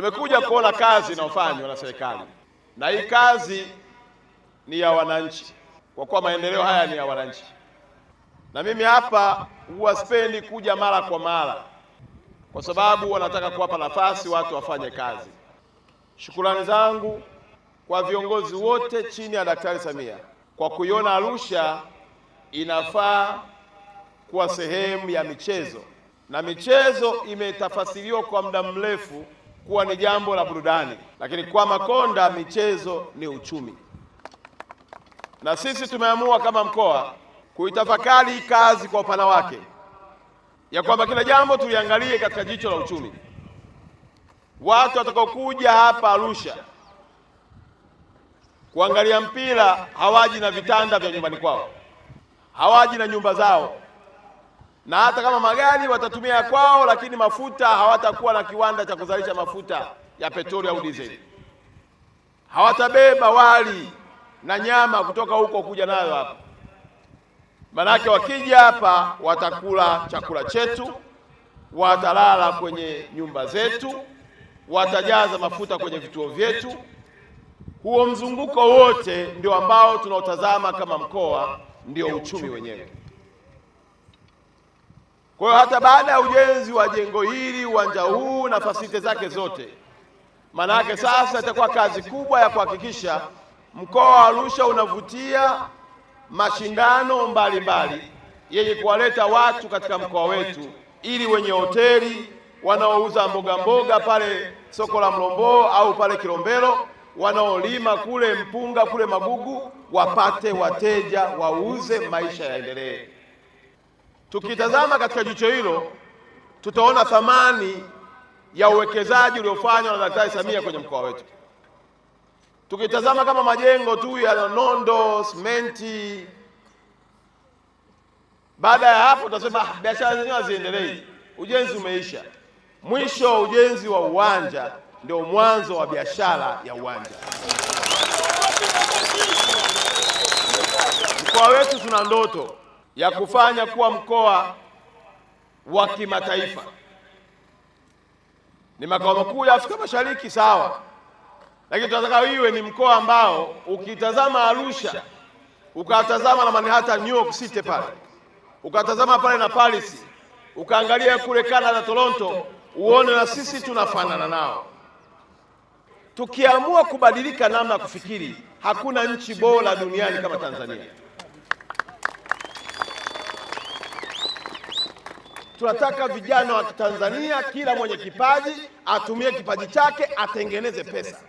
Tumekuja kuona kazi inayofanywa na serikali na hii kazi ni ya wananchi, kwa kuwa maendeleo haya ni ya wananchi. Na mimi hapa huwa sipendi kuja mara kwa mara, kwa sababu wanataka kuwapa nafasi watu wafanye kazi. Shukrani zangu kwa viongozi wote chini ya Daktari Samia kwa kuiona Arusha inafaa kuwa sehemu ya michezo, na michezo imetafasiriwa kwa muda mrefu kuwa ni jambo la burudani, lakini kwa Makonda michezo ni uchumi, na sisi tumeamua kama mkoa kuitafakari kazi kwa upana wake, ya kwamba kila jambo tuliangalie katika jicho la uchumi. Watu watakaokuja hapa Arusha kuangalia mpira hawaji na vitanda vya nyumbani kwao, hawaji na nyumba zao na hata kama magari watatumia kwao, lakini mafuta hawatakuwa na kiwanda cha kuzalisha mafuta ya petroli au diesel. Hawatabeba wali na nyama kutoka huko kuja nayo hapa, manake wakija hapa watakula chakula chetu, watalala kwenye nyumba zetu, watajaza mafuta kwenye vituo vyetu. Huo mzunguko wote ndio ambao tunaotazama kama mkoa, ndio uchumi wenyewe. Kwa hiyo hata baada ya ujenzi wa jengo hili, uwanja huu na fasilite zake zote, maana yake sasa itakuwa kazi kubwa ya kuhakikisha mkoa wa Arusha unavutia mashindano mbalimbali yenye kuwaleta watu katika mkoa wetu, ili wenye hoteli wanaouza mboga mboga pale soko la Mlombo au pale Kilombero, wanaolima kule mpunga kule Magugu wapate wateja, wauze, maisha yaendelee. Tukitazama katika jicho hilo, tutaona thamani ya uwekezaji uliofanywa na Daktari Samia kwenye mkoa wetu. Tukitazama kama majengo tu ya nondo, simenti, baada ya hapo utasema ah, biashara zenyewe haziendelei, ujenzi umeisha. Mwisho wa ujenzi wa uwanja ndio mwanzo wa biashara ya uwanja. Mkoa wetu tuna ndoto ya kufanya kuwa mkoa wa kimataifa. Ni makao makuu ya Afrika Mashariki, sawa, lakini tunataka iwe ni mkoa ambao ukitazama Arusha ukatazama na Manhattan, New York City pale ukatazama pale na Paris ukaangalia kule Canada na Toronto, uone na sisi tunafanana nao. Tukiamua kubadilika namna ya kufikiri, hakuna nchi bora duniani kama Tanzania. tunataka vijana wa Tanzania, kila mwenye kipaji atumie kipaji chake atengeneze pesa.